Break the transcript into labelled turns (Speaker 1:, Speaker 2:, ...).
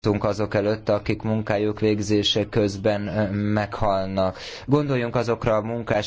Speaker 1: tartunk azok előtt, akik munkájuk végzése közben meghalnak. Gondoljunk azokra a munkás